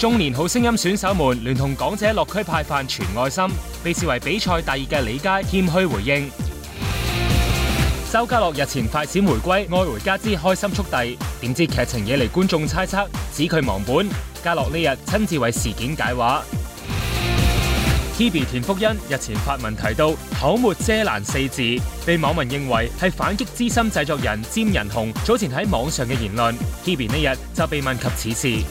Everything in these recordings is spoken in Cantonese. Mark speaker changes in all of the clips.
Speaker 1: 中年好聲音選手們聯同港姐落區派飯傳愛心，被視為比賽第二嘅李佳謙虛回應。周家樂日前快閃回歸《愛回家之開心速遞》，點知劇情惹嚟觀眾猜測，指佢忘本。家樂呢日親自為事件解話。Hebe 田馥甄日前發文提到“口沒遮攔”四字，被網民認為係反擊資深製作人詹仁雄早前喺網上嘅言論。Hebe 呢日就被問及此事。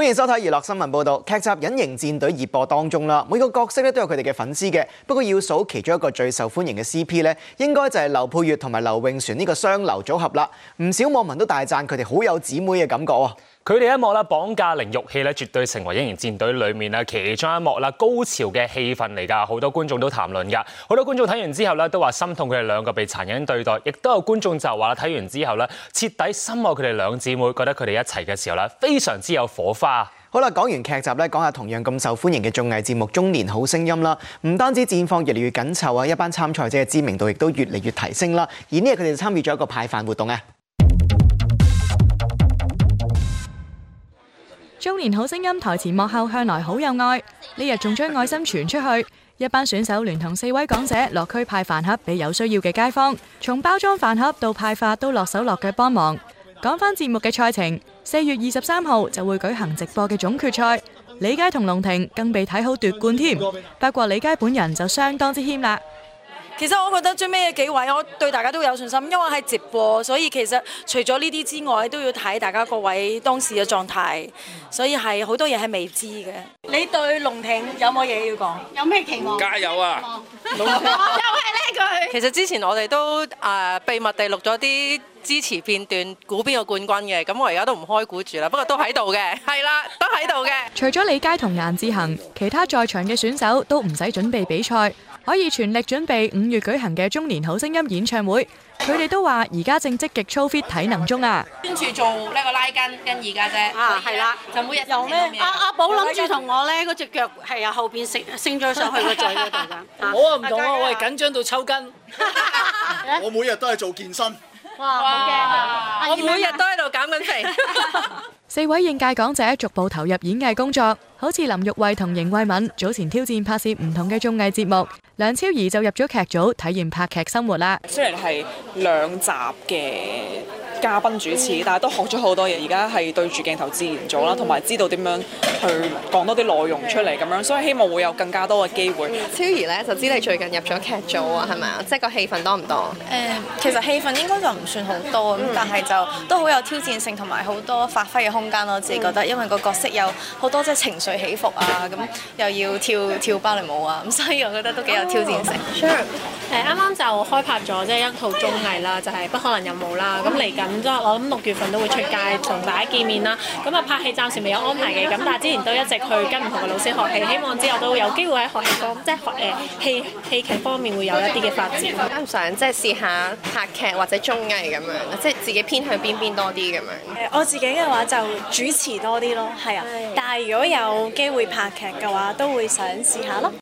Speaker 2: 歡迎收睇娛樂新聞報道。劇集《隱形戰隊》熱播當中啦，每個角色咧，都有佢哋嘅粉絲嘅。不過要數其中一個最受歡迎嘅 CP 咧，應該就係劉佩玥同埋劉穎鏇呢個雙劉組合啦。唔少網民都大讚佢哋好有姊妹嘅感覺喎。佢哋一幕啦，
Speaker 1: 綁架凌辱戲咧，絕對成為《隱形戰隊》裏面啊其中一幕啦，高潮嘅氣氛嚟㗎。好多觀眾都談論㗎，好多觀眾睇完之後咧，都話心痛佢哋兩個被殘忍對待，亦都有觀眾就話睇完之後咧，徹底深愛佢哋兩姊妹，覺得佢哋一齊嘅時候咧，非常之
Speaker 2: 有火花。好啦，講完劇集咧，講下同樣咁受歡迎嘅綜藝節目《中年好聲音》啦。唔單止戰況越嚟越緊湊啊，一班參賽者嘅知名度亦都越嚟越提升啦。而呢日佢哋就參與咗一個派飯活動啊。
Speaker 3: 中年好聲音台前幕後向來好有愛，呢日仲將愛心傳出去。一班選手聯同四位港姐落區派飯盒俾有需要嘅街坊，從包裝飯盒到派發都落手落腳幫忙。講返節目嘅賽程，四月二十三號就會舉行直播嘅總決賽。李佳同龍庭更被睇好奪冠添，不過李佳本人就相當之謙啦。
Speaker 4: 其實我覺得最尾嘅幾位，我對大家都有信心，因為係直播，所以其實除咗呢啲之外，都要睇大家各位當時嘅狀態，所以係好多嘢係未知嘅。你對龍廷有冇嘢要講？有咩期望？加
Speaker 5: 油啊！又係呢
Speaker 4: 句。其實之前我哋都誒、呃、秘密地錄咗啲支持片段，估邊個冠軍嘅。咁我而家都唔開估住啦，不過都喺度嘅。係啦，都喺度嘅。
Speaker 3: 除咗李佳同顏志恒，其他在場嘅選手都唔使準備比賽。可以全力準備五月舉行嘅中年好聲音演唱會，佢哋都話而家正積極操 fit 體能中啊！
Speaker 4: 跟住做呢個拉筋跟瑜伽啫。啊，係啦，
Speaker 6: 就每日用咩？阿阿寶諗住同
Speaker 7: 我咧，嗰隻腳係由後邊升升咗上去個嘴嗰度
Speaker 8: 噶。我啊唔到啊，我係緊張到抽筋。我每日都係做健身。
Speaker 9: 哇，好勁！我每日都喺度減緊肥。
Speaker 3: 四位應屆港姐逐步投入演藝工作，好似林玉慧同邢慧敏早前挑戰拍攝唔同嘅綜藝節目。梁超怡就入咗劇組體驗拍劇生活啦。雖然係兩集嘅嘉賓主持，嗯、但係都學咗好多嘢。而家係對住鏡頭自然咗啦，同、嗯、埋知道點樣去講多啲內容出嚟咁樣。所以希望會有更加多嘅機會。
Speaker 4: 超怡呢就知道你最近入咗劇組啊，係咪啊？即係個戲份多唔多？誒、嗯，其實戲份應該就唔算好多咁、嗯，但係就都好有挑戰性，同埋好多發揮嘅空間咯。我自己覺得，嗯、因為個角色有好多即係、就是、情緒起伏、嗯、啊，咁、嗯、又要跳跳芭蕾舞啊，咁所以我覺得都幾有。挑戰性，s 啱啱就開拍咗即係一套綜藝啦，就係、是、不可能任務啦。咁嚟緊即係我諗六月份都會出街同大家見面啦。咁啊拍戲暫
Speaker 7: 時未有安排嘅，咁但係之前都一直去跟唔同嘅老師學戲，希望之後都有機會喺學戲方即係、就是、學誒、欸、戲戲劇方面會有一啲嘅發展。咁想即係試下拍劇或者綜藝咁樣，即係自己偏向邊邊多啲咁樣？誒我自己嘅話就主持多啲咯，係啊。但係如果有機會拍劇嘅話，都會想試下咯。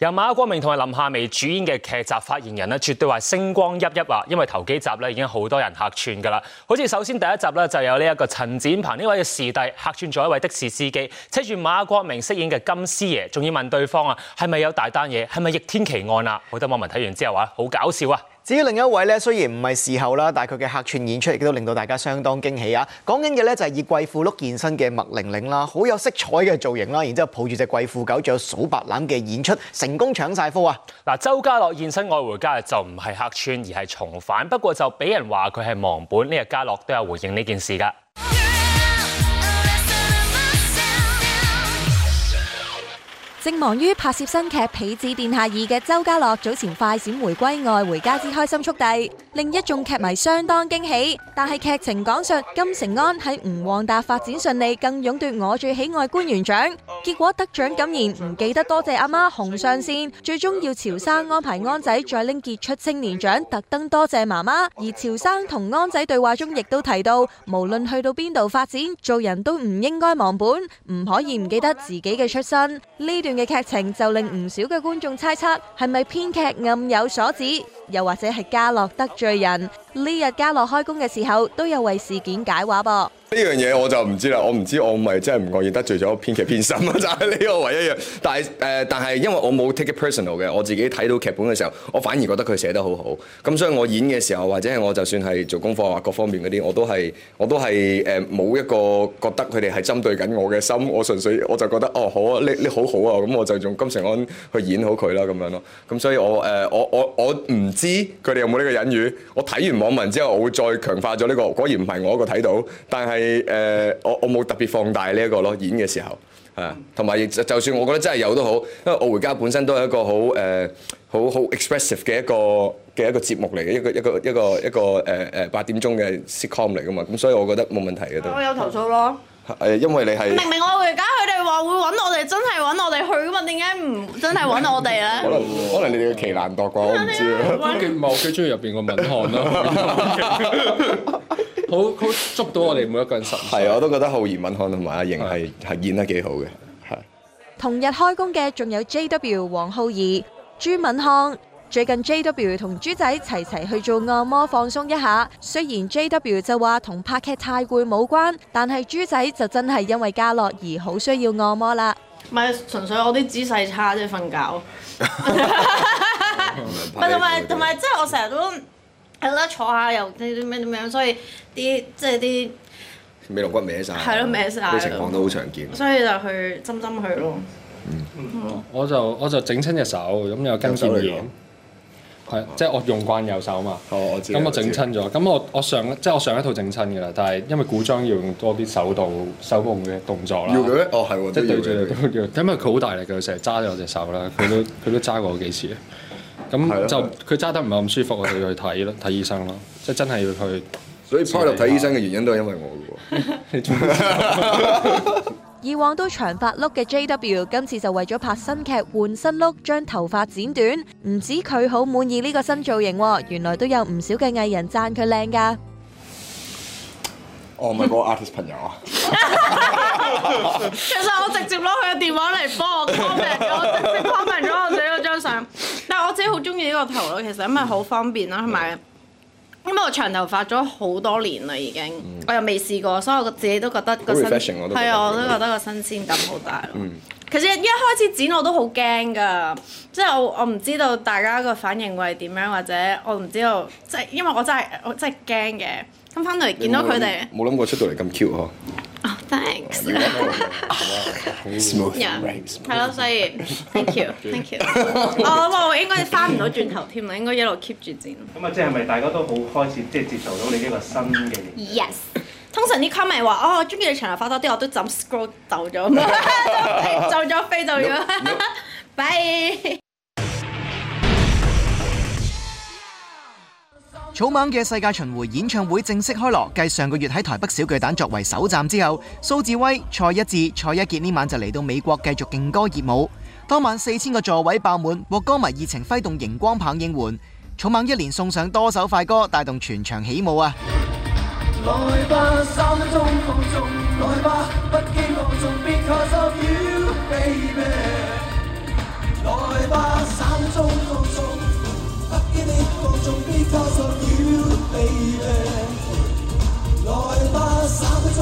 Speaker 1: 由馬國明同埋林夏薇主演嘅劇集，發言人絕對話星光熠熠，啊，因為頭幾集已經好多人客串㗎喇。好似首先第一集呢，就有呢一個陳展鵬呢位嘅視帝客串咗一位的士司機，扯住馬國明飾演嘅金師爺，仲要問對方啊係咪有大單嘢，係咪逆天奇案啊？好多網民睇完之後啊，好搞笑啊！
Speaker 2: 至於另一位咧，雖然唔係事後啦，但係佢嘅客串演出亦都令到大家相當驚喜啊！講緊嘅咧就係以貴婦碌現身嘅麥玲玲啦，好有色彩嘅造型啦，然之後抱住隻貴婦狗，仲有數白欖嘅演出，成功搶晒科啊！
Speaker 1: 嗱，周家樂現身《愛回家》就唔係客串，而係重返，不過就俾人話佢係忘本，呢日家樂都有回應呢件事噶。
Speaker 4: 正忙於拍攝新劇《痞子殿下二》嘅周家樂，早前快閃回歸《愛回家之開心速遞》，令一眾劇迷相當驚喜。但係劇情講述金城安喺吳旺達發展順利，更勇奪我最喜愛官員獎，結果得獎感言：「唔記得多謝阿媽。紅上線最終要潮生安排安仔再拎傑出青年獎，特登多謝媽媽。而潮生同安仔對話中亦都提到，無論去到邊度發展，做人都唔應該忘本，唔可以唔記得自己嘅出身。呢段嘅劇情就令唔少嘅觀眾猜測係咪編劇暗有所指？又或者係嘉樂得罪人？呢日嘉樂開工嘅時候都有為事件解話噃。
Speaker 6: 呢樣嘢我就唔知啦，我唔知我咪真係唔覺意得罪咗編劇偏心啊！就係、是、呢個唯一樣。但係誒、呃，但係因為我冇 take it personal 嘅，我自己睇到劇本嘅時候，我反而覺得佢寫得好好。咁所以我演嘅時候，或者係我就算係做功課啊，各方面嗰啲，我都係我都係誒冇一個覺得佢哋係針對緊我嘅心。我純粹我就覺得哦好啊，呢呢好好啊，咁我就用金城安去演好佢啦咁樣咯。咁所以我誒、呃、我我我唔。知佢哋有冇呢個隱喻？我睇完網文之後，我會再強化咗呢、這個。果然唔係我一個睇到，但係誒、呃，我我冇特別放大呢一個咯，演嘅時候，啊，同埋就算我覺得真係有都好，因為《愛·回家》本身都係一個好誒好好 expressive 嘅一個嘅一個節目嚟，一個一個一個一個誒誒、呃、八點鐘嘅 sitcom 嚟噶嘛。咁所以我覺得冇問題嘅都。我、啊、有投訴咯。係，因為你係。明
Speaker 10: 明我而家佢哋話會揾我哋，真係揾我哋去噶嘛？點解唔真係揾我哋咧？可能
Speaker 6: 可能你哋嘅奇難度啩，唔知啊。唔係我幾中意入邊個敏瀚咯，好好捉到我哋每一個人實。係，我都覺得浩然敏瀚同埋阿瑩係係演得幾好嘅。係。
Speaker 4: 同日開工嘅仲有 JW 黃浩然、朱敏瀚。最近 JW 同豬仔齊齊去做按摩放鬆一下，雖然 JW 就話同拍劇太攰冇關，但係豬仔就真係因為家樂而好需要按摩啦。
Speaker 7: 唔係純粹我啲姿勢差，即係瞓
Speaker 6: 覺
Speaker 4: 唔同埋，係唔
Speaker 10: 即係我成日都係咯，坐下又呢啲咩啲，所以啲即係啲
Speaker 6: 尾龍骨歪晒，係咯歪曬，啲情況都好常見。
Speaker 10: 所以就去針針佢咯。嗯嗯。
Speaker 6: 我就我就整親隻
Speaker 1: 手咁又筋痠軟。係，即、就、係、是、我用慣右手嘛。咁、哦、我整親咗，咁我我，我，我上即係、就是、我上一套整親嘅啦。但係因為古裝要用多啲手動手動嘅動作啦。要的哦，係，即、就、係、是、對住嚟。因為佢好大力，佢成日揸咗我隻手啦。佢都佢都揸過我幾次。咁 就佢揸得唔係咁舒服，我就要去睇咯，睇 醫生咯。即、就、係、是、真係要去。
Speaker 6: 所以拍到睇醫生嘅原因都係因為我嘅喎。
Speaker 4: 以往都長髮碌嘅 JW，今次就為咗拍新劇換新碌，將頭髮剪短。唔止佢好滿意呢個新造型喎，原來都有唔少嘅藝人讚佢靚㗎。哦，咪
Speaker 6: 嗰個 artist 朋友啊！
Speaker 4: 其實我直接攞佢嘅電話嚟幫我 comment 咗，我直
Speaker 6: 接 comment 咗我自己
Speaker 4: 嗰張相。但係我自己好中意呢個頭咯，其實因為好方便啦，同埋。因為我長頭髮咗好多年啦，已經，嗯、我又未試過，所以我自己都覺得個新，係啊，我都覺得，都覺得個新鮮感好大咯，嗯。其實一開始剪我都好驚㗎，即係我我唔知道大家個反應會係點樣，或者我唔知道，即係因為我真係
Speaker 10: 我真係驚嘅。咁翻到嚟見
Speaker 6: 到佢哋，冇諗過出到嚟咁 Q 嗬。 Thanks，
Speaker 11: 好
Speaker 10: smooth，係咯，
Speaker 7: 所以，thank you，thank you，哦，我應該翻唔到轉頭添啦，應該一路 keep 住剪。咁啊，
Speaker 11: 即係咪大家都好開始即係接受到你呢個新嘅
Speaker 4: ？Yes，通常啲 comment 話哦，我中意你長頭髮多啲，我都 jump scroll 走咗，到咗飛到咗，bye。
Speaker 2: 草蜢嘅世界巡迴演唱會正式開鑼，繼上個月喺台北小巨蛋作為首站之後，蘇志威、蔡一智、蔡一傑呢晚就嚟到美國繼續勁歌熱舞。當晚四千個座位爆滿，獲歌迷熱情揮動熒光棒應援，草蜢一連送上多首快歌，帶動全場起舞啊！
Speaker 12: 來吧三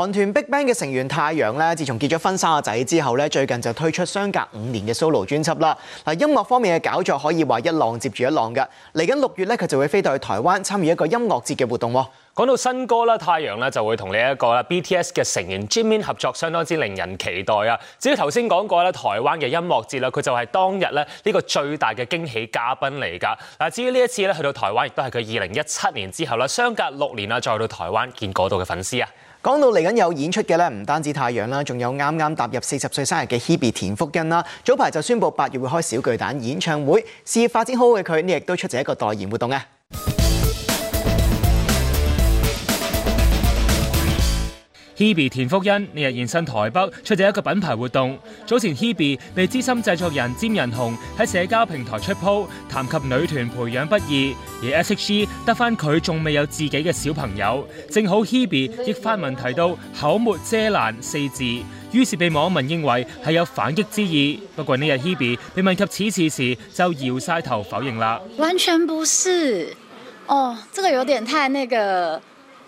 Speaker 2: 韓團 BigBang 嘅成員太陽咧，自從結咗婚生個仔之後咧，最近就推出相隔五年嘅 solo 專輯啦。嗱，音樂方面嘅搞作可以話一浪接住一浪嘅。嚟緊六月咧，佢就會飛到去台灣參與一個音樂節嘅活動。講到
Speaker 1: 新歌咧，太陽咧就會同呢一個 BTS 嘅成員 Jimin 合作，相當之令人期待啊！至於頭先講過咧，台灣嘅音樂節咧，佢就係當日咧呢個最大嘅驚喜嘉賓嚟㗎。嗱，至於呢一次咧去到台灣，亦都係佢二零一七年之後咧，相隔六年啊，再到台灣見嗰度嘅粉絲啊！
Speaker 2: 講到嚟緊有演出嘅咧，唔單止太陽啦，仲有啱啱踏入四十歲生日嘅 Hebe 田馥甄啦。早排就宣布，八月會開小巨蛋演唱會，事業發展好嘅佢呢，亦都出席一個代言活動。
Speaker 1: Hebe 田馥甄呢日現身台北出席一個品牌活動，早前 Hebe 被資深製作人詹仁雄喺社交平台出 po 談及女團培養不易，而 SHE 得翻佢仲未有自己嘅小朋友，正好 Hebe 亦發文提到口沒遮攔四字，於是被網民認為係有反擊之意。不過呢日 Hebe 被問及此事時就搖晒頭否認啦，
Speaker 10: 完全不是。哦，這個有點太那個。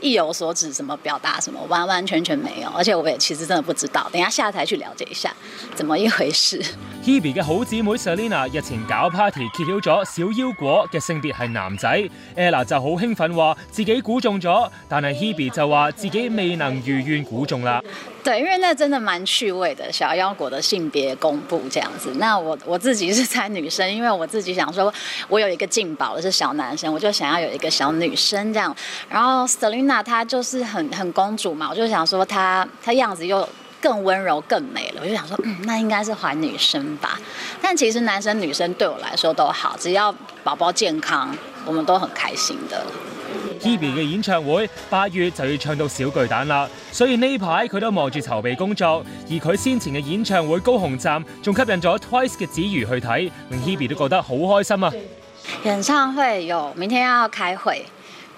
Speaker 10: 意有所指，什麼表達什麼，完完全全沒有。而且我也其實真的不知道，等一下下台去了解一下怎麼一回事。
Speaker 1: Hebe 嘅好姊妹 Selina 日前搞 party 揭曉咗小腰果嘅性別係男仔，Ella 就好興奮話自己估中咗，但係 Hebe 就話自己未能如願估中啦。嗯
Speaker 10: 嗯嗯。對，因為那真的蠻趣味的，小腰果的性別公布這樣子。那我我自己是猜女生，因為我自己想說我有一個勁寶是小男生，我就想要有一個小女生這樣。然後 Selina。那她就是很很公主嘛，我就想說她她樣子又更温柔更美了，我就想說，嗯，那應該是懷女生吧。但其實男生女生對我來說都好，只要寶寶健康，我們都很開心的。
Speaker 1: Hebe 嘅演唱會八月就要唱到小巨蛋了，所以呢排佢都忙住籌備工作。而佢先前嘅演唱會高雄站仲吸引咗 Twice 嘅子瑜去睇，令 Hebe 都覺得好開心啊。
Speaker 10: 演唱會有，明天要開會。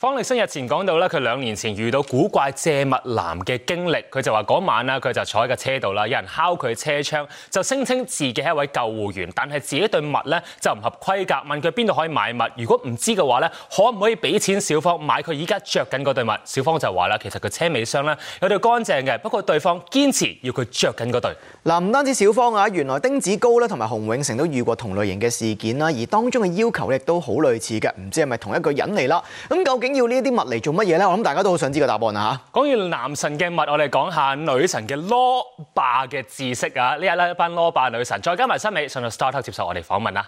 Speaker 1: 方力申日前講到咧，佢兩年前遇到古怪借襪男嘅經歷，佢就話嗰晚啦，佢就坐喺個車度啦，有人敲佢車窗，就聲稱自己係一位救護員，但係自己對襪咧就唔合規格，問佢邊度可以買襪，如果唔知嘅話咧，可唔可以俾錢小方買佢依家着緊嗰對襪？小方就話啦，其實佢車尾箱咧有對乾淨嘅，不過對方堅持要佢着緊嗰
Speaker 2: 對。嗱，唔單止小方啊，原來丁子高咧同埋洪永城都遇過同類型嘅事件啦，而當中嘅要求亦都好類似嘅，唔知係咪同一個人嚟啦？咁究竟？要這些物做什麼呢啲物嚟做乜嘢咧？我諗大家都好想知個答案啊！吓，
Speaker 1: 講完男神嘅物，我哋講下女神嘅羅霸嘅知識啊！呢日咧一班羅霸女神，再加埋新美上到 StarTalk 接受我哋訪問啦。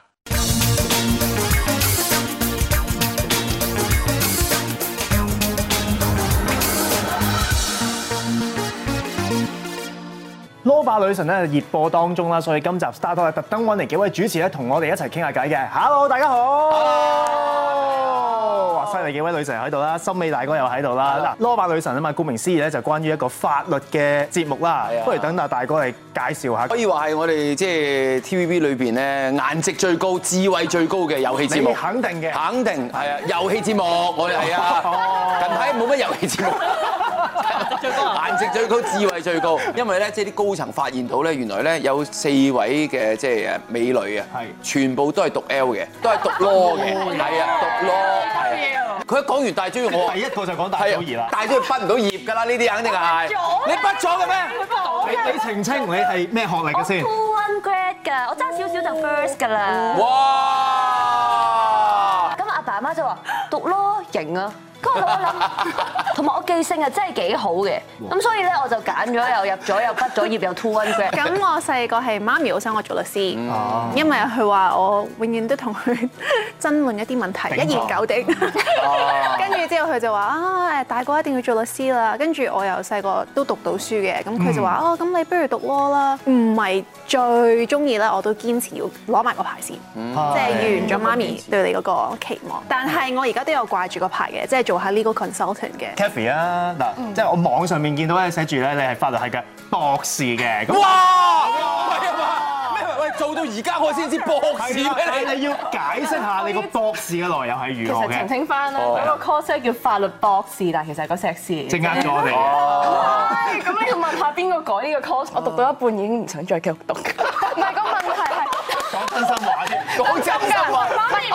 Speaker 11: 羅霸女神咧熱播當中啦，所以今集 StarTalk 特登揾嚟幾位主持咧，同我哋一齊傾下偈嘅。Hello，大家好。Hello. 嚟幾位女神喺度啦，森美大哥又喺度啦。嗱 Law 女神啊嘛，顧名思義咧就關於一個法律嘅節目啦。不如等阿大哥嚟
Speaker 13: 介紹下。可以話係我哋即係 TVB 裏邊咧，顏值最高、智慧最高嘅遊戲節目。肯定嘅，肯定係啊！遊戲節目，我哋係啊。近排冇
Speaker 1: 乜遊戲節目，哦。
Speaker 13: 顏 值最高、智慧最高，最高因為咧即係啲高層發現到咧，原來咧有四位嘅即係誒美女啊，全部都係讀 L 嘅，都係讀 L 嘅，係啊，讀 L 佢一講完大專，我第一個就講大寶兒啦。大專畢唔到業噶啦，呢啲人肯定係。你畢咗嘅咩？你你澄清，
Speaker 11: 你係咩學歷嘅先？
Speaker 9: two-one grad 㗎，我爭少少就 first 㗎啦。哇！咁阿爸阿媽就話讀咯型啊。我
Speaker 4: 諗，同埋我記性啊真係幾好嘅，咁所以咧我就揀咗又入咗又畢咗業又 two one grad，咁我細個係媽咪好想我做律師，因為佢話我永遠都同佢爭論一啲問題，一言九鼎。跟住之後佢就話啊，大個一定要做律師啦。跟住我由細個都讀到書嘅，咁佢就話哦，咁、啊、你不如讀 law 啦。唔、嗯、係最中意啦，我都堅持要攞埋個牌先，即
Speaker 11: 係、就是、完咗媽咪對
Speaker 4: 你嗰個期望。也但係我而家都有掛住個牌嘅，即係做下呢個 consultant
Speaker 11: 嘅。Cathy 啊，嗱，即係我網上面見到咧寫住咧，你係法律系嘅博士嘅。咁，哇！
Speaker 13: 唔係啊喂做到而家我先知博士咩？
Speaker 11: 你你要解釋一下你個博士嘅內容係如何，其實澄清翻啦，我、okay. 個 course 係
Speaker 7: 叫法律博士，
Speaker 11: 但係
Speaker 9: 其
Speaker 3: 實係個碩士。即係呃咗我哋。
Speaker 9: 咁 你要問下邊個改呢個 course？我讀到一半
Speaker 11: 已經唔想再繼續讀。
Speaker 14: 唔 係、那個問題係講真心話啫，講真心
Speaker 7: 話。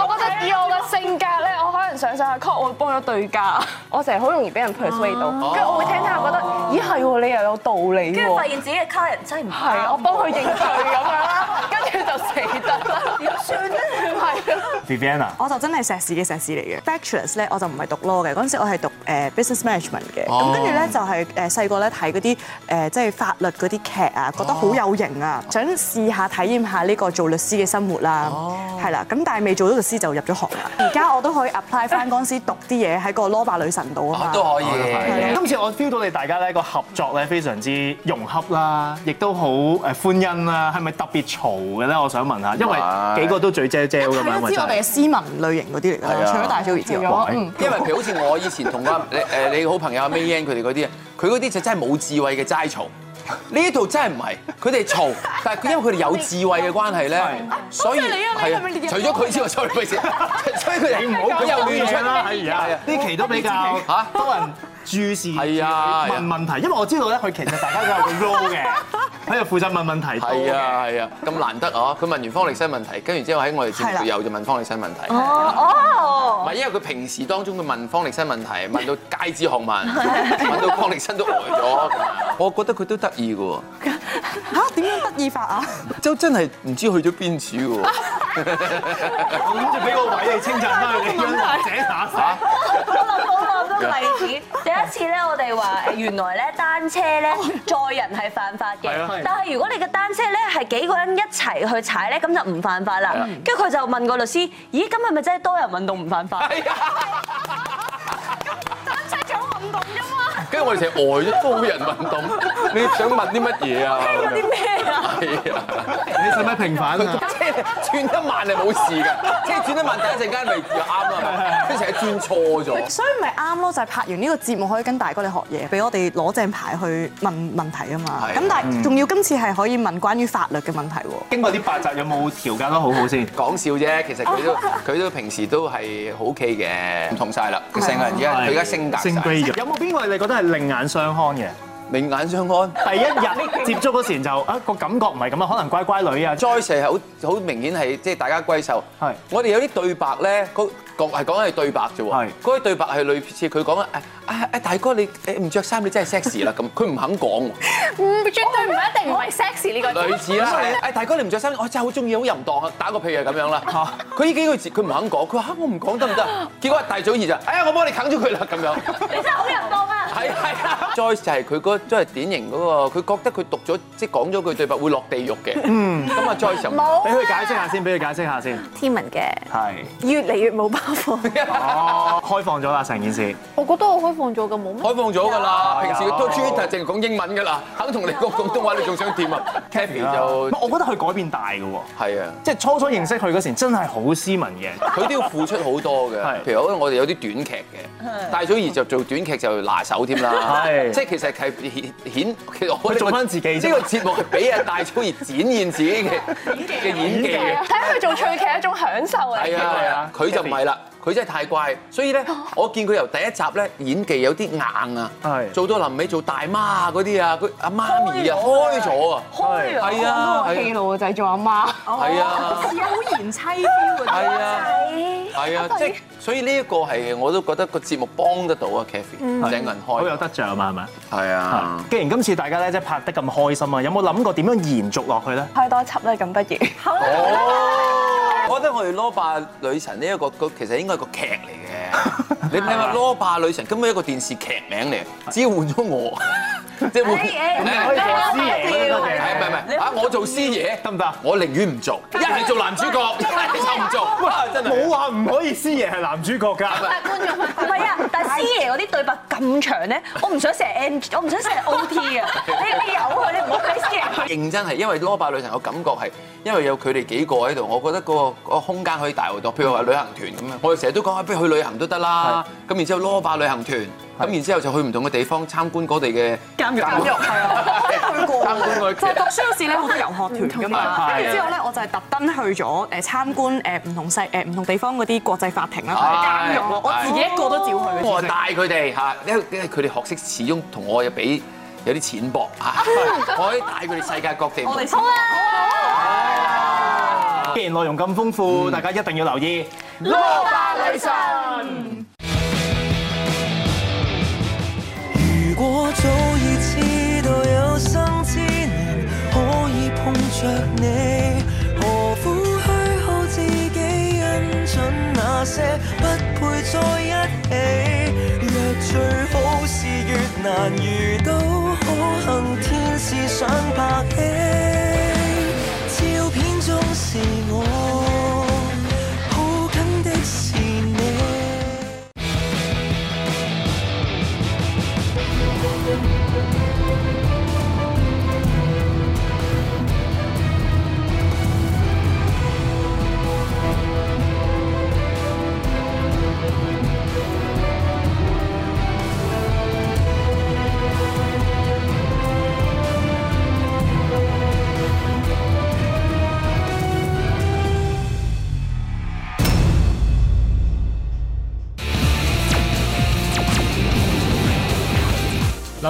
Speaker 7: 我覺得以我嘅性格咧，我可能想上下 call，我會幫咗對家， 我成日好容易俾人 persuade 到，跟、啊、住我會聽聽，我覺得、啊、咦係喎，你又有道理跟住發現自己嘅 c 人真係唔
Speaker 4: 係，我幫佢
Speaker 3: 認罪
Speaker 9: 咁樣啦，跟 住
Speaker 4: 就
Speaker 11: 死得啦，點算咧？係 Viviana，
Speaker 3: 我就真係成事嘅成事嚟嘅 f a c h e l o r 咧我就唔係讀 law 嘅，嗰陣時我係讀誒 business management 嘅，咁跟住咧就係誒細個咧睇嗰啲誒即係法律嗰啲劇啊、劇，覺得好有型啊，想試下體驗下呢個做律師嘅生活啦，係、啊、啦，咁但係未做到。師就入咗學啦，而家我都可以 apply 翻嗰陣時讀啲嘢，喺個蘿蔔女神度啊都可
Speaker 11: 以。今次我 feel 到你大家咧，個合作咧非常之融洽啦，亦都好誒歡欣啦，係咪特別嘈嘅咧？我想問下，因為幾個
Speaker 13: 都最 je je 咁樣。係一睇一睇知
Speaker 3: 我哋嘅斯文類型嗰啲嚟㗎，除咗大小超之外，嗯，
Speaker 13: 因為譬如好似我以前同嗰啲誒你，你嘅好朋友阿 Mayan 佢哋嗰啲啊，佢嗰啲就真係冇智慧嘅齋嘈。呢套真係唔係，佢哋嘈，但係佢因為佢哋有智慧嘅關係咧，所以係啊，除咗佢之外先， 所以佢哋唔好佢又亂出啦，係啊，呢期都比較、吓、多人。 注視問
Speaker 11: 問題，因為我知道咧，佢其實大家都係咁 low
Speaker 13: 嘅，喺度負責問問題。係啊係啊，咁難得啊！佢問完方力申問題，跟住之後喺我哋節目又就問，問方力申問題。
Speaker 9: 哦哦，唔係因
Speaker 13: 為佢平時當中佢問方力申問題，問到街知巷聞，問到方力申都呆咗，我覺得佢都得意嘅喎。吓，點樣得意法啊？就真係唔知去咗邊處喎！我
Speaker 11: 諗住俾個位你清潔翻，你欣華姐下下。
Speaker 4: 例子，第一次咧，我哋話誒，原來咧單車咧載人係犯法嘅，但係如果你嘅單車咧係幾個人一齊去踩咧，咁就唔犯法啦。跟住佢就問過律師，咦，咁係咪真係多人運動唔犯法？ 單車
Speaker 15: 仲好運動。跟住我哋成日呆咗，高人運動， 你
Speaker 13: 想問啲乜嘢啊？有啲咩啊？係啊，你使唔使平反啊？ 即係轉一萬，你冇事㗎。即係轉一萬，第一陣間咪啱啊嘛，跟住成日轉錯咗。所
Speaker 3: 以咪啱咯，就係、是、拍完呢個節目可以跟大哥你學嘢，俾我哋攞正牌去問問題啊嘛。咁、啊、但係仲要今次係可以問關於法律嘅問題喎、嗯。
Speaker 13: 經過啲八集，有冇條件都好好先？講笑啫，其實佢都佢 都平時都係好 ok 嘅，唔同晒啦。佢成個人而家佢而家升格， 性
Speaker 11: 格性。有冇邊個你覺得？係另眼相看嘅，另眼相看。第一日接
Speaker 13: 觸嗰時候就啊，個 感覺唔係咁啊，可能乖乖女啊 Joyce 係好好明顯係即係大家閨秀。係，我哋有啲對白咧，佢講係講係對白啫喎，嗰啲對白係類似佢講啊誒誒大哥你誒唔著衫你真係 sex 啦咁，佢唔肯講喎，
Speaker 10: 唔絕對唔一定係 sex 呢個類似啦，係誒
Speaker 13: 大哥你唔著衫，我真係好鍾意好淫蕩啊，打個譬如係咁樣啦，佢呢幾句字佢唔肯講，佢話嚇我唔講得唔得？結果大早二就誒我幫你啃咗佢啦咁樣，你真係好淫蕩啊，係係啊，再就係佢嗰都係典型嗰個，佢覺得佢讀咗即係講咗句對白會落地獄嘅，
Speaker 11: 嗯，咁啊再
Speaker 13: 就冇，俾佢解釋下先，俾佢解釋下先，
Speaker 4: 天文嘅，係，越嚟越冇包。
Speaker 13: 哦、 oh，開放咗啦，成件事。
Speaker 4: 我覺得我開放咗嘅
Speaker 11: 冇咩。
Speaker 13: 開放咗㗎啦，yeah. 平時都專登淨係講英文㗎啦，肯同你講廣東話，yeah. 你仲想點啊 Kathy 就我覺得佢改變大㗎喎。係啊，即係初初認識佢嗰時候，真係好斯文嘅，佢 都要付出好多嘅。Yeah. 譬如我哋有啲短劇嘅，大、yeah. 祖兒就做短劇就拿手添啦。Yeah. 即係其實係顯，顯其實我、這個、做翻自己啫。呢、呢個節目係俾阿戴祖兒展現自己嘅嘅 演技，
Speaker 14: 睇佢做趣劇係一種享受嚟。係
Speaker 13: 啊係啊，佢就唔係啦。佢真係太怪，所以咧，我見佢由第一集咧演技有啲硬啊，做到臨尾做大媽嗰啲啊，佢阿媽咪啊開咗啊，
Speaker 3: 係啊，講多個戲路啊就係做阿媽係啊，好賢、哦、妻調啊，係啊，
Speaker 13: 係啊，即係所以呢一個係我都覺得個節目幫得到啊，Cathy，令人開好有得著啊嘛係咪啊？係啊，
Speaker 11: 既然今次大家咧即係拍得咁開心啊，有冇諗過點樣延續落去咧？
Speaker 4: 開多一輯咧咁不如。好了好了哦拜拜。我覺得《我
Speaker 13: 哋羅霸女神》呢一個個其實應該係個劇嚟嘅，你睇下《羅霸女神》根本係一個電視劇名嚟，只要換咗我。 即係換，你、哎、可以做師爺，係唔係唔係？啊，我做師爺得唔得？我寧願唔做，一係做男主角，一係就唔做。不不做不
Speaker 11: 真係冇話唔可以，師爺係男主角㗎。唔係啊，但係師爺嗰啲
Speaker 4: 對白咁長咧，我唔想成日 NG 我唔想成日 OT 啊， 你有佢，你唔好睇師爺。
Speaker 13: 認真係因為羅百旅行嘅感覺係，因為有佢哋幾個喺度，我覺得嗰個空間可以大好多。譬如話旅行團咁樣，我哋成日都講啊，不如去旅行都得啦。咁然之後羅百旅行團。咁然之後就去唔同嘅地方參觀嗰地嘅監獄，係啊，我去
Speaker 9: 過。參觀佢，
Speaker 3: 就讀書嗰時咧好多遊學團㗎嘛。跟住之後咧我就係特登去咗誒參觀誒唔同世誒唔同地方嗰啲國際法庭啦、監獄。我自己一個都照去，哦。我帶
Speaker 13: 佢哋嚇，因為因為佢哋學識始終同我又比有啲淺薄嚇，啊。我可以帶佢哋世界各地。我哋衝啦！既然內容咁豐富，嗯，大家一定要留意
Speaker 1: 羅女神。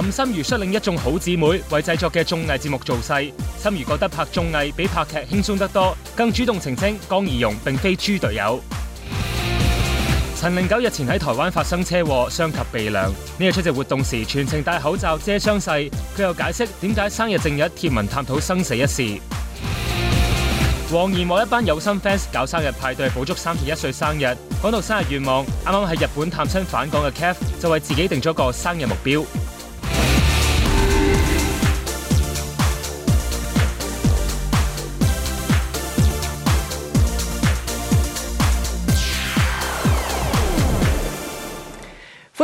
Speaker 1: 林心如率領一眾好姊妹為製作嘅綜藝節目造勢，心如覺得拍綜藝比拍劇輕鬆得多，更主動澄清江宜蓉並非豬隊友。陳零九日前喺台灣發生車禍，傷及鼻梁，呢日出席活動時全程戴口罩遮傷勢，佢又解釋點解生日正日貼文探討生死一事。黃義昊一班有心 fans 搞生日派對慶祝三十一歲生日，講到生日願望，啱啱喺日本探親返港嘅 k e f 就為自己定咗個生日目標。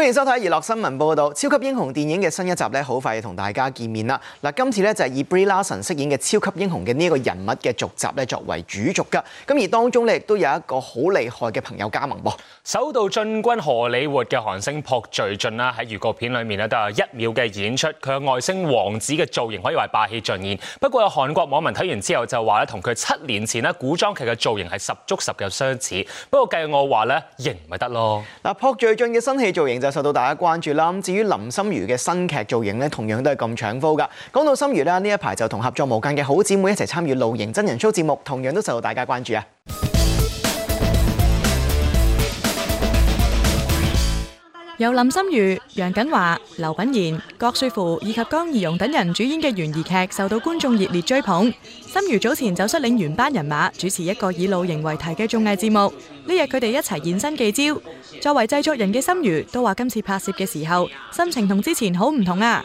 Speaker 2: 歡迎收睇娛樂新聞報道。超級英雄電影嘅新一集咧，好快要同大家見面啦。嗱，今次咧就係以 Brie Larson 飾演嘅超級英雄嘅呢一個人物嘅續集咧，作為主軸嘅。咁而當中咧亦都有一個好厲害嘅朋友加盟噃。
Speaker 1: 首度進軍荷里活嘅韓星朴敍俊啦，喺預告片裏面咧都有一秒嘅演出。佢嘅外星王子嘅造型可以話霸氣盡現。不過有韓國網民睇完之後就話咧，同佢七年前咧古裝劇嘅造型係十足十嘅相似。不過計我話咧，型咪得咯。
Speaker 2: 嗱，朴敍俊嘅新戲造型就～受到大家關注啦。至於林心如嘅新劇造型咧，同樣都係咁搶風㗎。講到心如咧，呢一排就同合作無間嘅好姊妹一齊參與露營真人 show 節目，同樣都受到大家關注啊。
Speaker 3: 由林心如、楊謹華、劉品言、郭雪芙以及江宜蓉等人主演嘅懸疑劇受到觀眾熱烈追捧。心如早前就率領原班人馬主持一個以露營為題嘅綜藝節目，呢日佢哋一齊現身記招。作為製作人嘅心如都話今次拍攝嘅時候心情同之前好唔同啊。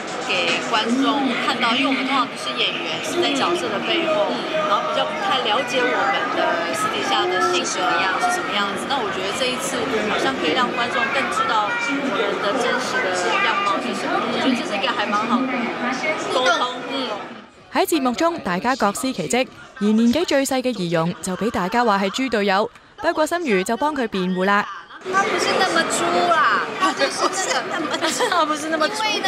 Speaker 4: 給觀眾看到，因為我們通常都是演員，是在角色的背後、嗯，然後比較不太了解我們的私底下的性格是什麼樣子。但我
Speaker 9: 覺得這一次好像可以讓觀眾更知道我們的真實的樣貌是什麼。我覺得這是一個還蠻好的溝通，
Speaker 3: 嗯。在節目中，大家各司其職，而年紀最細嘅儀容就俾大家話係豬隊友，不過心如就幫佢辯護啦。
Speaker 9: 他不是那麼豬啦，啊，他就是那個，啊，他不是那麼，因為呢。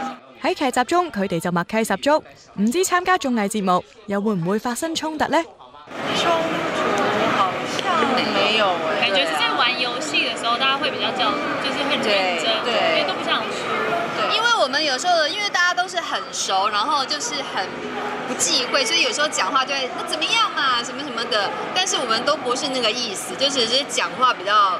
Speaker 3: 喺劇集中佢哋就默契十足，唔知參加綜藝節目又會唔會發生衝突呢？突？好
Speaker 9: 像沒有，感覺是在玩遊戲的時候，大家會比較，
Speaker 15: 就是很認真對對，因為都不想輸。
Speaker 9: 因為我們有時候，因為大家都是很熟，然後就是很不忌諱，所以有時候講話就會，那怎麼樣嘛、啊，什麼什麼的。但是我們都不是那個意思，就只是講話比較。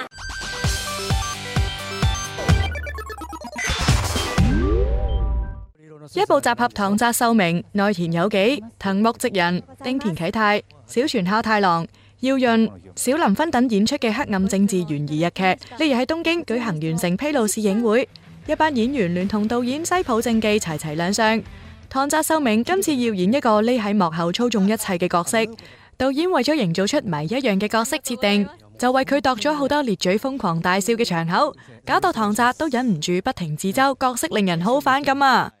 Speaker 3: 一部集合唐澤壽明，內田有紀，藤木直人，丁田啟太，小泉孝太郎，耀潤，小林芬等演出嘅黑暗政治懸疑日劇，呢日喺東京舉行完成披露試映會，一班演員聯同導演西浦正記齊齊亮相。唐澤壽明今次要演一個匿喺幕後操縱一切嘅角色，導演為咗營造出謎一樣嘅角色設定，就為佢度咗好多咧嘴瘋狂大笑嘅場口，搞到唐澤都忍唔住不停自嘲，角色令人好反感啊。一一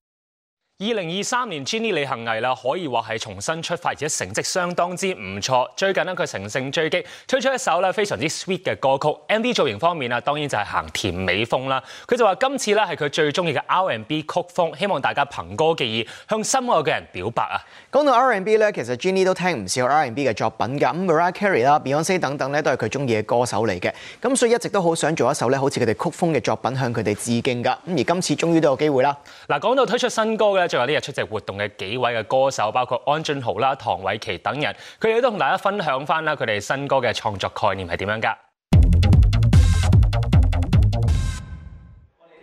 Speaker 15: 二
Speaker 1: 零二三年，Jenny 李行毅啦，可以話係重新出發，而且成績相當之唔錯。最近呢，佢乘勝追擊，推出一首咧非常之 sweet 嘅歌曲。MV 造型方面啊，當然就係行甜美風啦。佢就話今次咧係佢最中意嘅 R&B 曲風，希望大家憑歌寄意，向心愛嘅人表白啊！
Speaker 2: 講到 R&B 咧，其實 Jenny 都聽唔少 R&B 嘅作品㗎。咁 Mariah Carey 啦、Beyonce 等等咧，都係佢中意嘅歌手嚟嘅。咁所以一直都好想做一首咧，好似佢哋曲風嘅作品向佢哋致敬㗎。咁而今次終於都有機會啦。
Speaker 1: 嗱，講到推出新歌嘅。最後呢日出席活動嘅幾位嘅歌手，包括安俊豪啦、唐偉琪等人，佢哋都同大家分享翻啦，佢哋新歌嘅創作概念係點樣噶。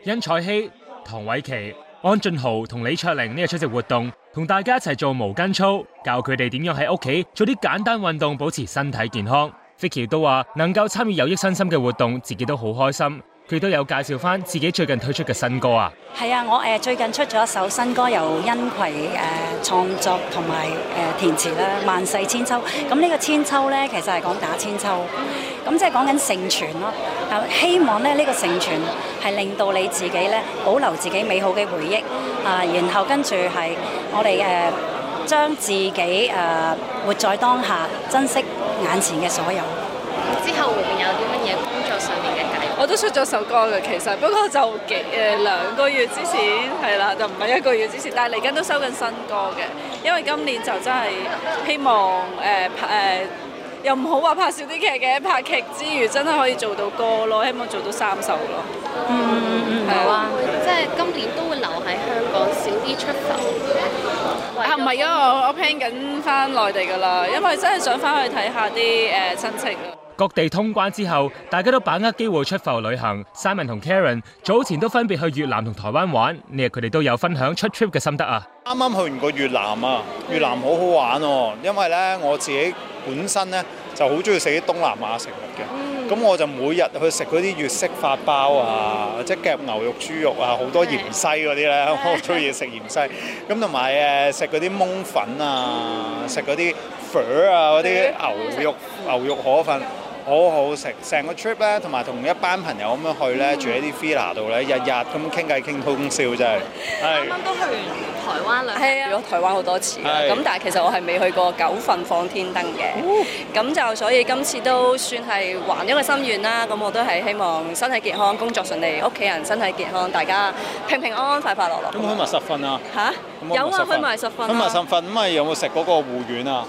Speaker 1: 殷彩希、唐偉琪、安俊豪同李卓玲呢日出席活動，同大家一齊做毛巾操，教佢哋點樣喺屋企做啲簡單運動，保持身體健康。Vicky 都話能夠參與有益身心嘅活動，自己都好開心。佢都有介紹翻自己最近推出嘅新歌啊！
Speaker 10: 係啊，我誒最近出咗一首新歌，由恩葵誒、呃、創作同埋誒填詞啦，《萬世千秋》。咁呢個千秋咧，其實係講打千秋，咁即係講緊成全咯。希望咧呢、呢個成全係令到你自己咧保留自己美好嘅回憶啊、呃，然後跟住係我哋誒將自己誒、呃、活在當下，珍惜
Speaker 12: 眼前嘅所有。
Speaker 7: 之後會，會有啲乜嘢？我
Speaker 10: 都出咗首
Speaker 9: 歌嘅，其實不過就幾誒兩個月之前係啦，就唔係一個月之前，但係嚟緊都收緊新歌嘅，因為今年就真係希望誒拍誒又唔好話拍少啲劇嘅，拍劇、呃、之餘真係可以做到歌咯，希望做到三首咯。嗯嗯啊，即係今年都會留喺香港少啲出走。啊唔係啊，啊，我我 plan 緊翻內地噶啦，因為真係想翻去睇下啲誒親戚。
Speaker 1: 各地通關之後，大家都把握機會出埠旅行。Simon 同 Karen 早前都分別去越南同台灣玩，呢日佢哋都有分享出 trip 嘅心得啊！
Speaker 8: 啱啱去完個越南啊，越南好好玩哦，因為咧我自己本身咧就好中意食啲東南亞食物嘅，咁我就每日去食嗰啲越式法包啊，即係夾牛肉、豬肉啊，好多芫茜嗰啲咧，我中意食芫茜，咁同埋誒食嗰啲檬粉啊，食嗰啲 fir 啊，嗰啲牛肉牛肉河粉。好好食，成個 trip 咧，同埋同一班朋友咁樣去咧、嗯，住喺啲 villa 度咧，日日咁傾偈傾通宵真
Speaker 11: 係。係。咁都去完台
Speaker 9: 灣兩，去咗、啊、台灣好多次咁、啊、但係其實我係未去過九份放天燈嘅。
Speaker 7: 咁、哦、就所以今次都算係還咗個心願啦。咁我都係希望身體健康，工作順利，屋企人身體健康，大家平平安安，快快樂樂。
Speaker 9: 咁
Speaker 8: 去埋十份啊？吓？
Speaker 7: 啊
Speaker 9: 啊啊有，有，啊有啊，去埋十份。去埋十
Speaker 8: 份咁咪有冇食嗰個芋丸啊？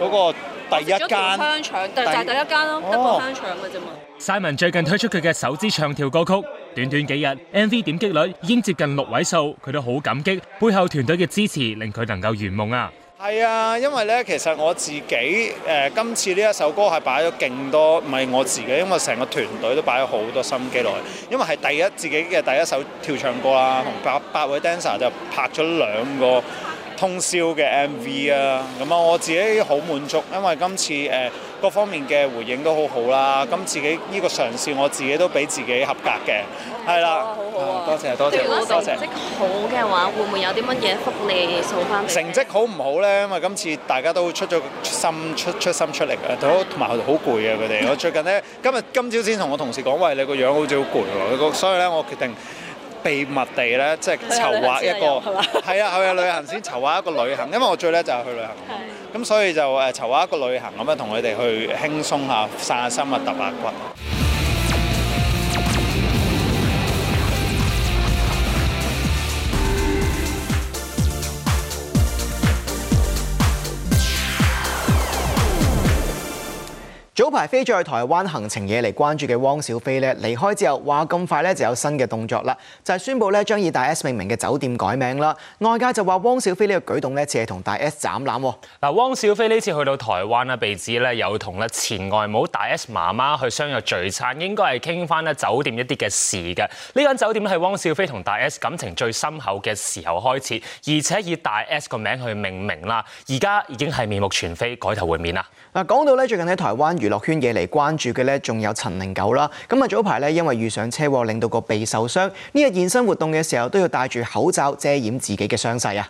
Speaker 8: 嗰個。第一間香
Speaker 9: 腸，第第一間咯，得個香腸
Speaker 1: 嘅啫嘛。Simon 最近推出佢嘅首支唱跳歌曲，短短幾日，MV 點擊率已經接近六位數，佢都好感激背後團隊嘅支持，令佢能夠圓夢啊。
Speaker 8: 係啊，因為咧，其實我自己誒，今次呢一首歌係擺咗勁多，唔係我自己，因為成個團隊都擺咗好多心機落去，因為係第一自己嘅第一首跳唱歌啦，同八八位 dancer 就拍咗兩個。通宵嘅 MV 啊，咁啊我自己好滿足，因為今次誒各方面嘅回應都好好啦。咁自己呢個嘗試我自己都俾自己合格嘅，係啦，多謝多謝多謝。成績好嘅話，會唔會有啲乜嘢福利
Speaker 9: 送翻？
Speaker 8: 成績好唔好咧？因為今次大家都出咗心，出出心出力嘅，都同埋好攰啊！佢哋我最近咧，今日今朝先同我同事講話，你個樣好似好攰喎，所以咧我決定。秘密地咧，即係籌劃一個，係啊，去旅行先籌劃一個旅行， 因為我最叻就係去旅行，咁所以就誒籌劃一個旅行咁樣同佢哋去輕鬆下散下心啊，揼下骨。
Speaker 2: 早排飛咗去台灣行程惹嚟關注嘅汪小菲咧，離開之後話咁快咧就有新嘅動作啦，就係宣布咧將以大 S 命名嘅酒店改名啦。外界就話汪小菲呢個舉動咧，似係同大 S 斬纜。
Speaker 1: 嗱，汪小菲呢次去到台灣啊，被指咧有同咧前外母大 S 媽媽去相約聚餐，應該係傾翻咧酒店一啲嘅事嘅。呢間酒店係汪小菲同大 S 感情最深厚嘅時候開始，而且以大 S 個名去命名啦。而家已經係面目全非，改頭換面啦。
Speaker 2: 嗱，講到咧最近喺台灣。娛樂圈嘢，嚟關注嘅呢，仲有陳零九啦。咁啊，早排呢，因為遇上車禍，令到個鼻受傷。呢日現身活動嘅時候都要戴住口罩遮掩自己嘅傷勢啊。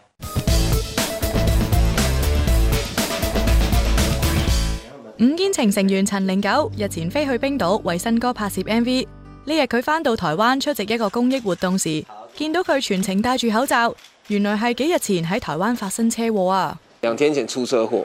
Speaker 3: 五堅情成員陳零九日前飛去冰島為新歌拍攝 MV，呢日佢返到台灣出席一個公益活動時，見到佢全程戴住口罩，原來係幾日前喺台灣發生車禍啊。
Speaker 5: 兩天前出車禍。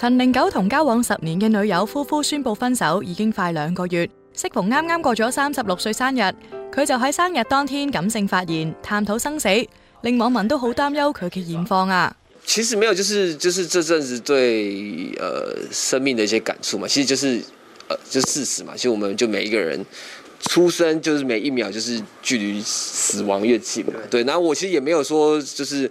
Speaker 3: 陳零九同交往十年嘅女友芙芙宣布分手已經快兩個月，適逢啱啱過咗三十六歲生日，佢就喺生日當天感性發言，探討生死，令網民都好擔憂佢嘅現況啊！
Speaker 5: 其實沒有、就是，就是就是這陣子對誒、呃、生命的一些感觸嘛，其實就是誒、呃、就是、事實嘛。其實我們就每一個人出生就是每一秒就是距離死亡越近。嘛。對，然後我其實也沒有說就是。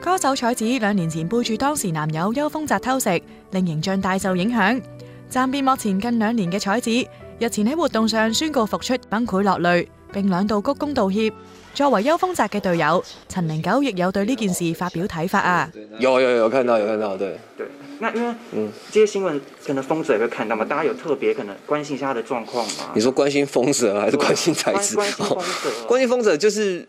Speaker 3: 歌手彩子兩年前背住當時男友邱風澤偷食，令形象大受影響。暫別幕前近兩年嘅彩子，日前喺活動上宣告復出，崩潰落淚，並兩度鞠躬道歉。作為邱風澤嘅隊友，陳零九亦有對呢件事發表睇法啊！
Speaker 5: 有有有看到有看到，對對，那因為嗯，這些新聞可能風澤也會看到嘛，大家有特別可能關心一下佢嘅狀況嘛？你說關心風澤還是關心彩子？關心風澤、啊哦、就是。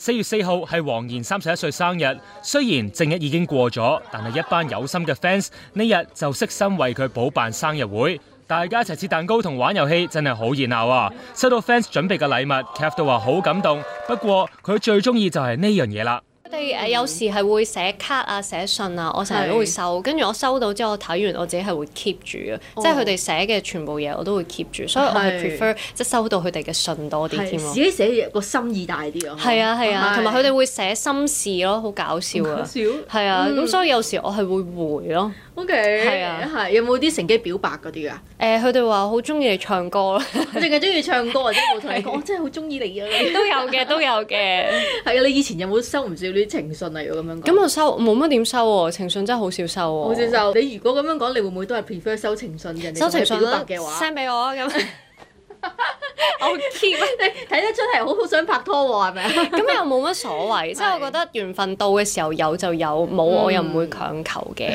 Speaker 1: 四月四號係黃妍三十一歲生日，雖然正日已經過咗，但係一班有心嘅 fans 呢日就悉心為佢補辦生日會，大家一齊切蛋糕同玩遊戲，真係好熱鬧啊！收到 fans 準備嘅禮物，Cath 都話好感動，不過佢最中意就係呢樣嘢啦。
Speaker 7: 我哋誒有時係會寫卡啊、寫信啊，我成日都會收，跟住我收到之後，我睇完我自己係會 keep 住嘅，oh. 即係佢哋寫嘅全部嘢我都會 keep 住，所以我係 prefer 係即係收到佢哋嘅信多啲添。自己寫嘢個心意大啲啊，係啊係啊，同埋佢哋會寫心事咯，好搞笑，好搞笑啊，係、嗯、啊，咁所以有時我係會回咯。O.K. 係啊，係有冇啲乘機表白嗰啲啊？誒、呃，佢哋話好中意你唱歌咯，我淨係中意唱歌，或者冇同你講、哦、真係好中意你啊！都有嘅，都有嘅。係 啊，你以前有冇收唔少啲情信嚟、啊、㗎？咁樣講咁我收冇乜點收喎、哦，情信真係好少收喎、哦。好少收。你如果咁樣講，你會唔會都係 prefer 收情信嘅？收情信嘅、啊、話，send 俾我啊咁。 我 I keep 你睇得出係好好想拍拖喎，係咪？咁又冇乜所謂，即 係我覺得緣分到嘅時候有就有，冇、嗯、我又唔會強求
Speaker 1: 嘅。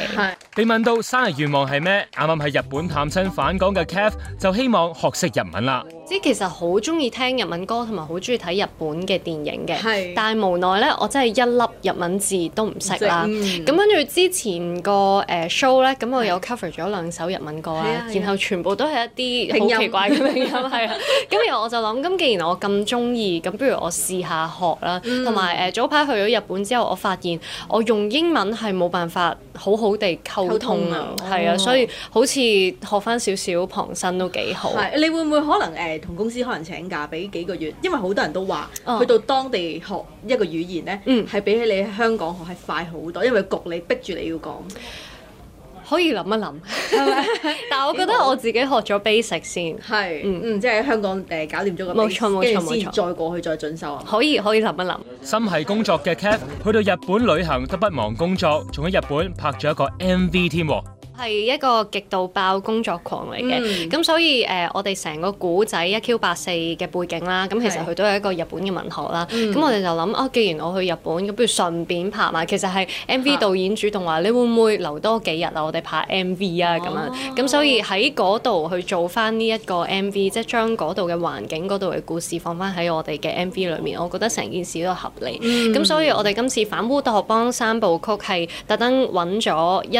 Speaker 1: 被問到生日願望係咩，啱啱喺日本探親返港嘅 Kev 就希望學識日文啦。
Speaker 7: 即其實好中意聽日文歌同埋好中意睇日本嘅電影嘅，但係無奈咧，我真係一粒日文字都唔識啦。咁跟住之前、個誒、呃、show 咧，咁我有 cover 咗兩首日文歌啊，啊，然後全部都係一啲好奇怪嘅名音，係 啊。咁 然後我就諗，咁既然我咁中意，咁不如我試下學啦。同埋誒，早排去咗日本之後，我發現我用英文係冇辦法好好地溝通，溝通啊，係、嗯、啊，所以好似學翻少少旁身都幾好。你會唔會可能誒？同公司可能請假俾幾個月，因為好多人都話、oh. 去到當地學一個語言咧，係、mm. 比起你喺香港學係快好多，因為局你逼住你，你要講。可以諗一諗， 是吧 但係我覺得我自己學咗 basic 先，係、mm. 嗯，即係喺香港、呃、搞掂咗個 basic，跟住先再過去再進修啊。可以可以諗一諗。
Speaker 1: 心係工作嘅 Cap， 去到日本旅行都不忘工作，仲喺日本拍咗一個 MV 添喎。
Speaker 7: 係一個極度爆工作狂嚟嘅，咁、嗯、所以誒、呃，我哋成個古仔一 Q 八四嘅背景啦，咁其實佢都係一個日本嘅文學啦。咁、嗯、我哋就諗啊，既然我去日本，咁不如順便拍埋。其實係 MV 導演主動話：你會唔會留多幾日啊？我哋拍 MV 啊咁、啊、樣。咁所以喺嗰度去做翻呢一個 MV、啊、即係將嗰度嘅環境、嗰度嘅故事放翻喺我哋嘅 MV 裏面。我覺得成件事都合理。咁、嗯、所以我哋今次反烏托邦三部曲係特登揾咗一。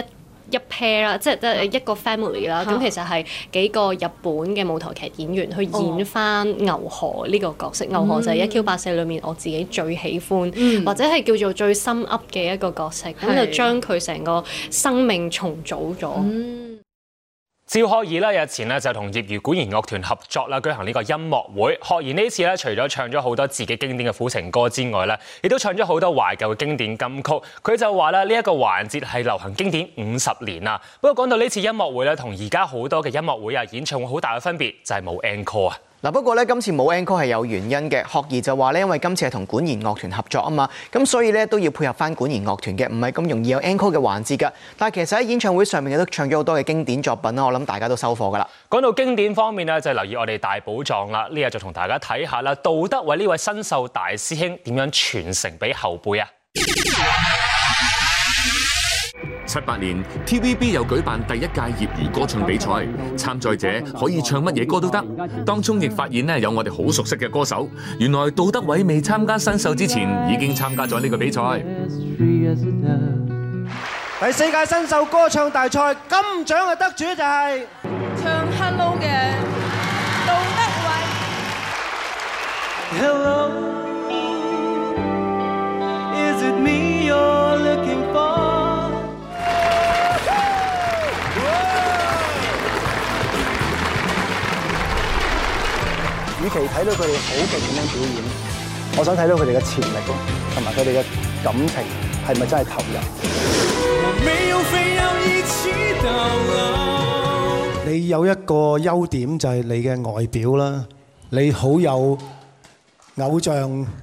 Speaker 7: 一 pair 啦，即係一個 family 啦、啊。咁其實係幾個日本嘅舞台劇演員、哦、去演翻牛河呢個角色。嗯、牛河就係一 Q 八四裏面我自己最喜歡，嗯、或者係叫做最深 up 嘅一個角色。咁就將佢成個生命重組咗。嗯
Speaker 1: 趙學而日前就同業餘管弦樂團合作啦，舉行呢個音樂會。學而呢次除咗唱咗好多自己經典嘅苦情歌之外咧，亦都唱咗好多懷舊嘅經典金曲。佢就話，呢一個環節係流行經典五十年。不過講到呢次音樂會咧，同而家好多嘅音樂會、啊演唱會好大嘅分別就係、是、冇 encore
Speaker 2: 嗱，不過咧，今次冇 encore 係有原因嘅。學儀就話咧，因為今次係同管弦樂團合作啊嘛，咁所以咧都要配合翻管弦樂團嘅，唔係咁容易有 encore 嘅環節噶。但係其實喺演唱會上面亦都唱咗好多嘅經典作品啦，我諗大家都收貨噶啦。
Speaker 1: 講到經典方面咧，就係留意我哋大寶藏啦。呢日就同大家睇下啦，杜德偉呢位新秀大師兄點樣傳承俾後輩啊？七八年，TVB 又舉辦第一屆業餘歌唱比賽，參賽者可以唱乜嘢歌都得。當中亦發現咧，有我哋好熟悉嘅歌手，原來杜德偉未參加新秀之前，已經參加咗呢個比賽。
Speaker 16: 第四屆新秀歌唱大賽金獎嘅得主就係、是。期睇到佢哋好勁咁樣表演，我想睇到佢哋嘅潛力咯，同埋佢哋嘅感情係咪真
Speaker 11: 係投入？
Speaker 16: 你有一個優點就係你嘅外表啦，你好有偶像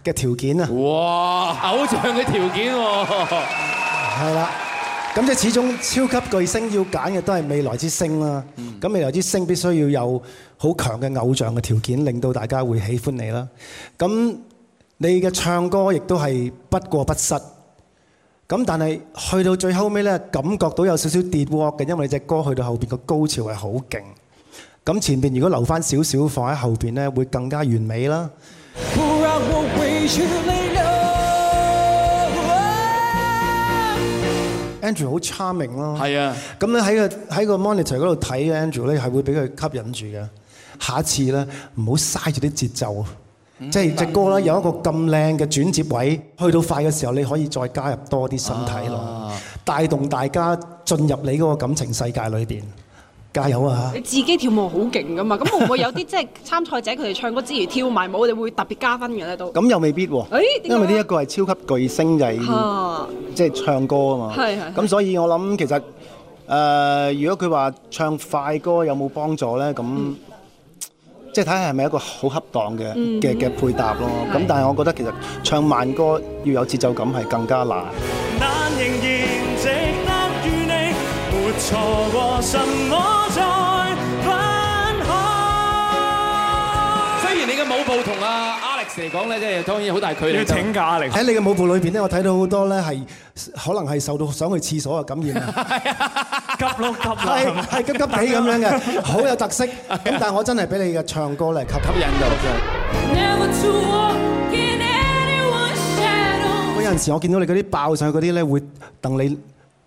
Speaker 16: 嘅條件啊！哇，偶像嘅條件喎，係啦。咁即係始終超級巨星要揀嘅都係未來之星啦。咁未來之星必須要有好強嘅偶像嘅條件，令到大家會喜歡你啦。咁你嘅唱歌亦都係不過不失。咁但係去到最後尾呢，感覺到有少少跌鑊嘅，因為你隻歌去到後邊個高潮係好勁。咁前面如果留翻少少放喺後邊呢，會更加完美
Speaker 12: 啦。
Speaker 16: Andrew 好 charming 咯，係啊，咁咧喺個喺個 monitor 嗰度睇 Andrew 咧，係會俾佢吸引住嘅。下一次咧，唔好嘥住啲節奏，即係隻歌咧有一個咁靚嘅轉接位，去到快嘅時候，你可以再加入多啲身體囉，帶動大家進入你嗰個感情世界裏邊。加油啊！你
Speaker 14: 自己跳舞好勁㗎嘛，咁會唔會有
Speaker 4: 啲即係參賽者佢哋唱歌之餘跳埋舞，你會特別加分嘅咧都？
Speaker 16: 咁又未必喎，因為呢一個係超級巨星就係即係唱歌啊嘛。係係。咁所以我諗其實誒，如果佢話唱快歌有冇幫助咧，咁即係睇下係咪一個好恰當嘅嘅嘅配搭咯。咁但係我覺得其實唱慢歌要有節奏感係更加難。
Speaker 13: 錯過什麼再分
Speaker 11: 開？
Speaker 13: 雖然你嘅舞步同阿 Alex 嚟講咧，即係當然好大距離。要請假
Speaker 11: 嚟
Speaker 16: 喺你嘅舞步裏邊咧，我睇到好多咧係可能係受到想去廁所嘅感染啊，急碌急流係急急哋咁樣嘅，好有特色。咁但係我真係俾你嘅唱歌咧吸吸引到
Speaker 9: 嘅。我
Speaker 15: 有陣
Speaker 16: 時我見到你嗰啲爆上去嗰啲咧，會戥你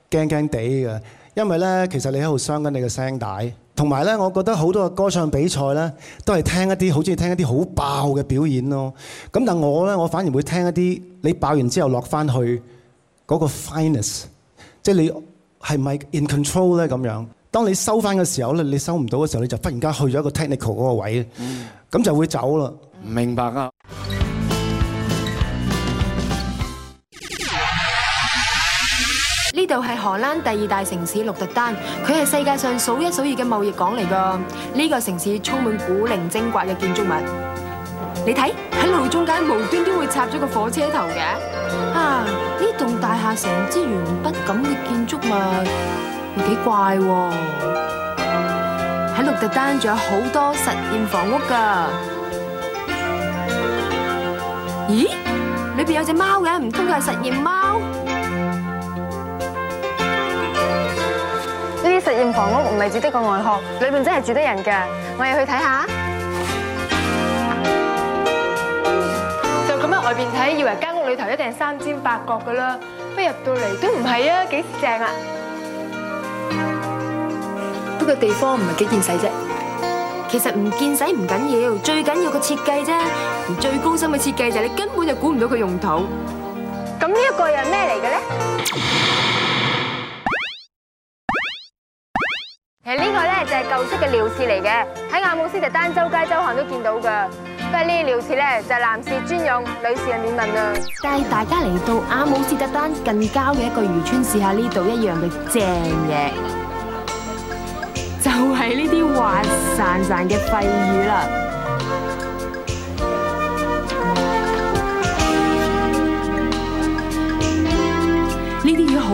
Speaker 16: 驚驚哋嘅。因為呢，其實你喺度傷緊你嘅聲帶，同埋呢，我覺得好多嘅歌唱比賽呢，都係聽一啲好中意聽一啲好爆嘅表演咯。咁但我呢，我反而會聽一啲你爆完之後落翻去嗰個 fineness，即係你係咪 in control 呢？咁樣，當你收翻嘅時候呢，你收唔到嘅時候，你就忽然間去咗一個 technical 嗰個位，咁就會走啦。明白啊。
Speaker 14: 呢度係荷蘭第二大城市鹿特丹，佢係世界上數一數二嘅貿易港嚟噶。呢、呢個城市充滿古靈精怪嘅建築物，你睇喺路中間無端端會插咗個火車頭嘅啊！呢棟大廈成支鉛筆咁嘅建築物，幾怪喎！喺鹿特丹仲有好多實驗房屋噶。咦？裏邊有隻貓嘅，唔通佢係實驗貓？實驗房屋唔係只得個外殼，裏邊真係住得人噶。我要去睇下。就咁樣外邊睇，以為間屋裏頭一定係三尖八角噶啦，不過入到嚟都唔係啊，幾正啊！呢個地方唔係幾見使啫，其實唔見使唔緊要，最緊要個設計啫。而最高深嘅設計就係你根本就估唔到佢用途。咁呢一個又係咩嚟嘅咧？舊式嘅尿廁嚟嘅，喺阿姆斯特丹周街周巷都見到噶。不過呢啲尿廁咧就男士專用，女士係免問啊。帶大家嚟到阿姆斯特丹近郊嘅一個漁村試下呢度一樣嘅正嘢，就係呢啲滑潺潺嘅鲱魚啦。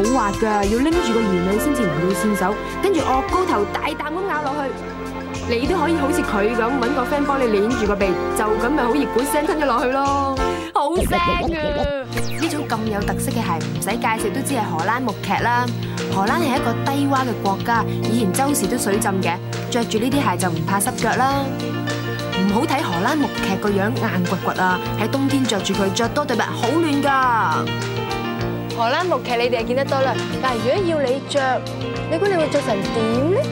Speaker 14: 好滑噶，要拎住個魚尾先至唔會線手，跟住我高頭大啖咁咬落去，你都可以好似佢咁揾個 friend 幫你捻住個鼻，就咁咪好熱滾聲吞咗落去咯，好聲啊！呢種咁有特色嘅鞋唔使介紹都知係荷蘭木屐啦。荷蘭係一個低窪嘅國家，以前周時都水浸嘅，着住呢啲鞋就唔怕濕腳啦。唔好睇荷蘭木屐個樣硬掘掘啊，喺冬天着住佢着多對襪好暖噶。荷蘭木屐你哋見得多啦，但係如果要你著，你估你會著成點咧？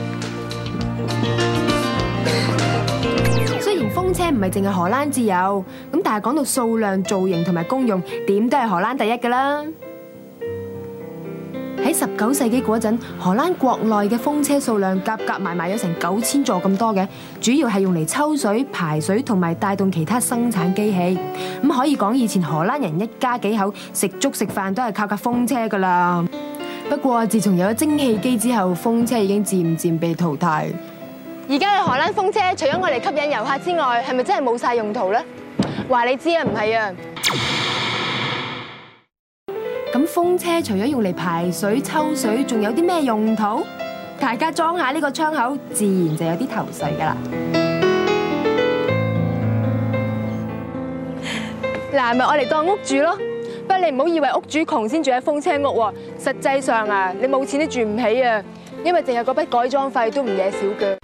Speaker 14: 雖然風車唔係淨係荷蘭至有，咁但係講到數量、造型同埋功用，點都係荷蘭第一㗎啦。喺十九世紀嗰陣，荷蘭國內嘅風車數量夾夾埋埋有成九千座咁多嘅，主要係用嚟抽水、排水同埋帶動其他生產機器。咁可以講以前荷蘭人一家幾口食粥食飯都係靠架風車噶啦。不過自從有咗蒸汽機之後，風車已經漸漸被淘汰。而家嘅荷蘭風車除咗我嚟吸引遊客之外，係咪真係冇晒用途呢？話你知啊，唔係啊。風車除咗用嚟排水抽水，仲有啲咩用途？大家裝下呢個窗口，自然就有啲頭緒噶啦。嗱，咪我嚟當屋住咯。不過你唔好以為屋主窮先住喺風車屋，實際上啊，你冇錢都住唔起啊，因為淨係嗰筆改裝費都唔惹少嘅。